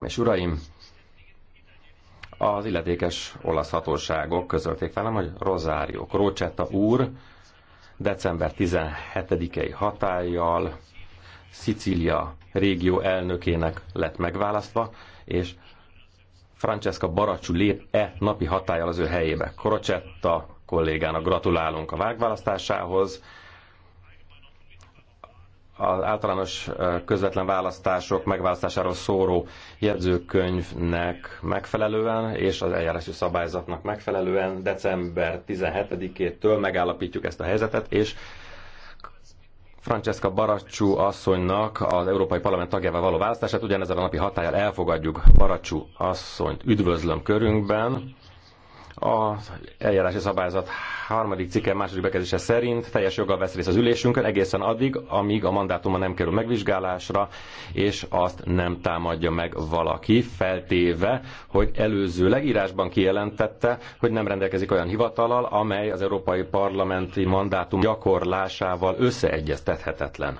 és uraim, az illetékes olasz hatóságok közölték velem, hogy Rosario Crocetta úr december 17-i hatállyal Szicília régió elnökének lett megválasztva, és Francesca Baracsú lép e napi hatállyal az ő helyébe. Crocetta kollégának gratulálunk a vágválasztásához, az általános közvetlen választások megválasztásáról szóró jegyzőkönyvnek megfelelően és az eljárási szabályzatnak megfelelően december 17-től megállapítjuk ezt a helyzetet, és Francesca Baracsú asszonynak az Európai Parlament tagjával való választását ugyanezzel a napi hatállyal elfogadjuk Baracsú asszonyt üdvözlöm körünkben az eljárási szabályzat harmadik cikke második bekezdése szerint teljes joggal vesz részt az ülésünkön egészen addig, amíg a mandátuma nem kerül megvizsgálásra, és azt nem támadja meg valaki, feltéve, hogy előzőleg írásban kijelentette, hogy nem rendelkezik olyan hivatalal, amely az Európai Parlamenti mandátum gyakorlásával összeegyeztethetetlen.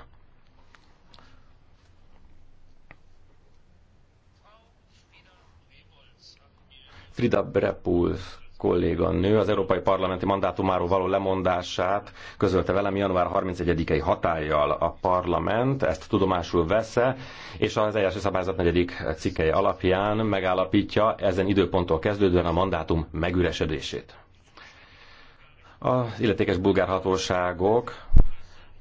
Frida Brepulsz kolléganő az Európai Parlamenti mandátumáról való lemondását közölte velem január 31-i hatállyal a parlament, ezt tudomásul vesze, és az eljárási szabályzat negyedik cikkei alapján megállapítja ezen időponttól kezdődően a mandátum megüresedését. Az illetékes bulgár hatóságok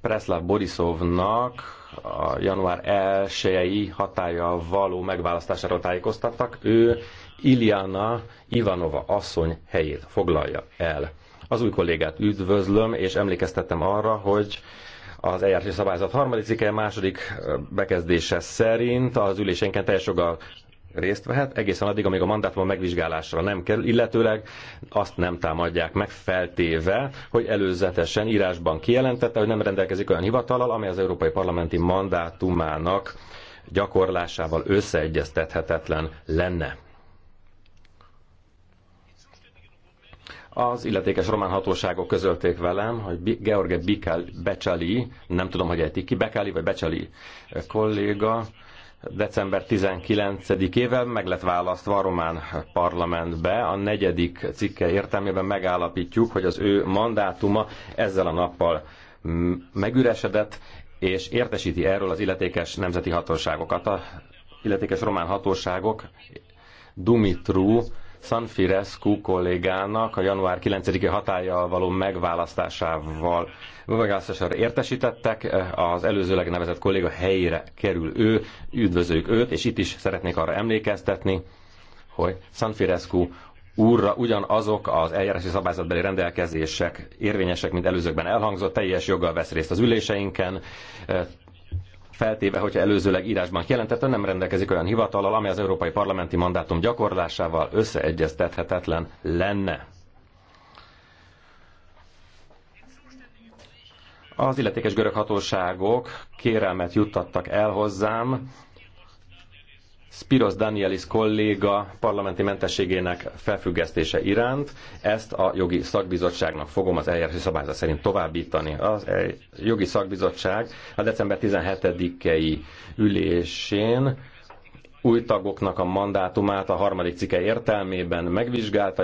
Preszláv Borisovnak a január 1-i hatája való megválasztásáról tájékoztattak. Ő Iliana Ivanova asszony helyét foglalja el. Az új kollégát üdvözlöm, és emlékeztettem arra, hogy az eljárási szabályzat harmadik cikke második bekezdése szerint az ülésenken teljes joggal részt vehet, egészen addig, amíg a mandátum megvizsgálásra nem kerül, illetőleg azt nem támadják meg feltéve, hogy előzetesen írásban kijelentette, hogy nem rendelkezik olyan hivatalal, amely az Európai Parlamenti mandátumának gyakorlásával összeegyeztethetetlen lenne. Az illetékes román hatóságok közölték velem, hogy George Bikal, Becsali, nem tudom, hogy ejtik ki, Bekali vagy Becsali kolléga december 19-ével meg lett választva a román parlamentbe. A negyedik cikke értelmében megállapítjuk, hogy az ő mandátuma ezzel a nappal megüresedett, és értesíti erről az illetékes nemzeti hatóságokat. A illetékes román hatóságok Dumitru Sanfirescu kollégának a január 9-i hatája való megválasztásával megválasztására értesítettek, az előzőleg nevezett kolléga helyére kerül ő, üdvözöljük őt, és itt is szeretnék arra emlékeztetni, hogy Sanfirescu úrra ugyanazok az eljárási szabályzatbeli rendelkezések érvényesek, mint előzőkben elhangzott, teljes joggal vesz részt az üléseinken, feltéve, hogyha előzőleg írásban kijelentette, nem rendelkezik olyan hivatallal, amely az európai parlamenti mandátum gyakorlásával összeegyeztethetetlen lenne. Az illetékes görög hatóságok kérelmet juttattak el hozzám Spiros Danielis kolléga parlamenti mentességének felfüggesztése iránt. Ezt a jogi szakbizottságnak fogom az eljárási szabályzat szerint továbbítani. A e, jogi szakbizottság a december 17-i ülésén új tagoknak a mandátumát a harmadik cikke értelmében megvizsgálta,